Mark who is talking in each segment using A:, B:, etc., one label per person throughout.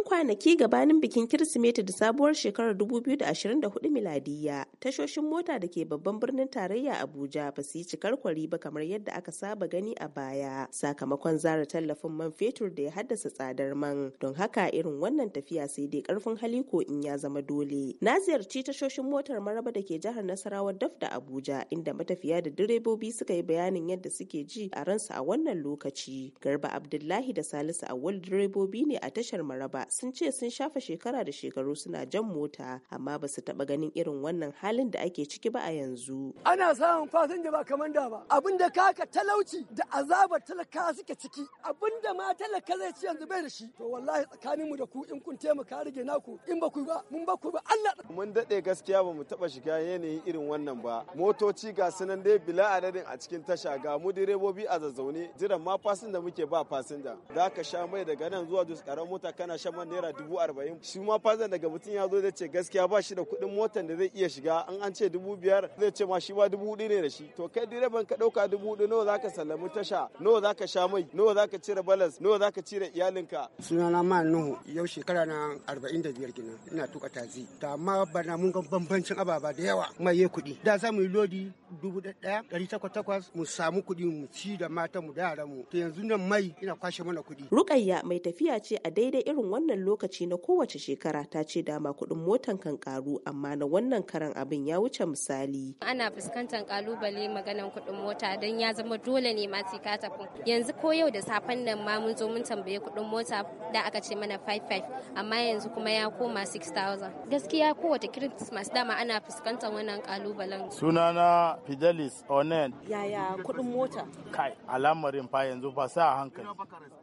A: 'yan kwanaki gabanin bikin kirsimeti da sabuwar shekarar 2024 miladiya tashoshin mota da ke babban birnin tarayya abuja ba su yi cikar kwari ba kamar yadda aka saba gani a baya sakamakon zara tallafin man fetur da ya haddasa tsadar man don haka irin wannan tafiya sai dai karfin hali ko in ya zama dole na ziyarci tashoshin motar maraba da ke jihar nasarawa daf da abuja inda matafiya da direbobi suka yi bayanin yadda suke ji a ransu a wannan lokaci garba abdullahi da salisu awwal direbobi ne a tashar maraba sun ce sun shafa shekara da shekaru suna jan mota amma ba su taɓa ganin irin wannan halin da ake ciki ba a yanzu.
B: Ana samun fasinja ba kamar da ba. Abin da kaka talauci da azabar talaka suke ciki. Abin da ma talaka zai ci yanzu bai da shi. To wallahi tsakanin mu da ku in kun taimaka rage naku in ba ku ba mun ba ku ba Allah. Mun daɗe gaskiya ba mu taba shiga yanayin irin wannan ba. Motoci ga sunan dai bila adadin a cikin tasha ga mu direbobi a zazzaune jiran ma fasinja muke ba fasinja. Za ka sha mai daga nan zuwa dus karan mota kana shan man naira dubu arba'in shi ma fazan daga mutum ya zo zai ce gaskiya ba shi da kuɗin motar da zai iya shiga an an ce dubu biyar zai ce ma shi ba dubu hudu ne da shi to kai direban ka ɗauka dubu hudu nawa zaka sallami tasha nawa zaka sha mai nawa zaka cire balas nawa zaka cire iyalinka.
C: sunana ma nuhu yau shekara na arba'in da biyar kenan ina tuka tazi ta amma bana mun ga bambancin ababa da yawa maye kuɗi da za mu yi lodi dubu ɗaya ɗari takwas takwas mu samu kuɗi mu ci da mata mu da yaran mu to yanzu nan mai ina kwashe mana kuɗi.
A: rukayya mai tafiya ce a daidai irin wannan wannan lokaci na kowace shekara ta ce dama kuɗin motan kan karu amma na wannan karan abin ya wuce misali. Ana fuskantar kalubale maganan kuɗin mota don ya zama dole ne ma ka tafi. Yanzu ko yau da safen nan ma mun zo mun tambaye kuɗin mota da aka ce mana 55 amma yanzu kuma ya koma 6000. Gaskiya kowace Christmas dama ana fuskantar wannan kalubalen.
B: Sunana Fidelis Onen.
A: Yaya kuɗin mota? Kai
B: alamarin fa yanzu fa sa hankali.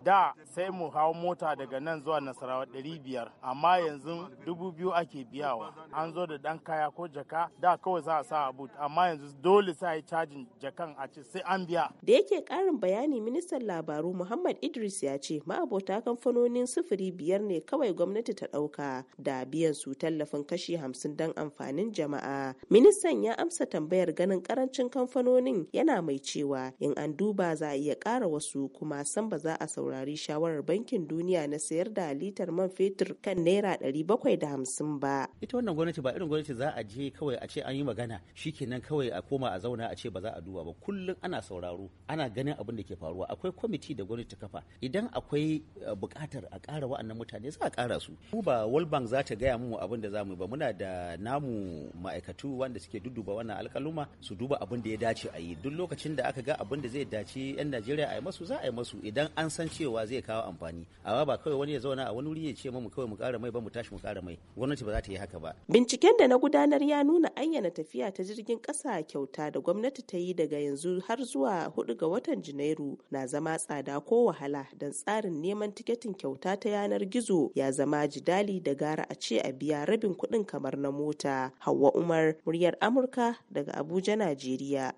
B: Da sai mu hau mota daga nan zuwa Nasarawa. ɗari biyar amma yanzu dubu biyu ake biyawa an zo da ɗan kaya ko jaka da kawai za a sa a but amma yanzu dole sa yi cajin jakan a ce sai an biya.
A: Da yake ƙarin bayani ministan labaru Muhammad Idris ya ce ma'abota kamfanonin sufuri biyar ne kawai gwamnati ta ɗauka da biyan su tallafin kashi hamsin don amfanin jama'a. Ministan ya amsa tambayar ganin karancin kamfanonin yana mai cewa in an duba za a iya ƙara wasu kuma san ba za a saurari shawarar bankin duniya na sayar da litar litar man fetur kan naira ɗari bakwai da hamsin ba.
C: Ita wannan gwamnati ba irin gwamnati za a je kawai a ce an yi magana shi shikenan kawai a koma a zauna a ce ba za a duba ba kullum ana sauraro ana ganin abin da ke faruwa akwai kwamiti da gwamnati kafa idan akwai eh, buƙatar a ƙara wa'annan mutane za a ƙara su. Mu ba World Bank za ta gaya mu abin da za mu ba muna da namu ma'aikatu wanda suke dudduba wannan alƙaluma su duba abin da ya dace a yi duk lokacin da aka ga abin da zai dace 'yan Najeriya a yi masu za a yi masu idan an san cewa zai kawo amfani amma ba kawai wani ya zauna a wani wani ya ce mu kawai mu kara mai ba mu tashi mu kara mai gwamnati ba za ta yi haka ba
A: binciken da na gudanar ya nuna ayyana tafiya ta jirgin ƙasa kyauta da gwamnati ta yi daga yanzu har zuwa hudu ga watan janairu na zama tsada ko wahala don tsarin neman tiketin kyauta ta yanar gizo ya zama jidali da gara a ce a biya rabin kuɗin kamar na mota hawa umar muryar amurka daga abuja najeriya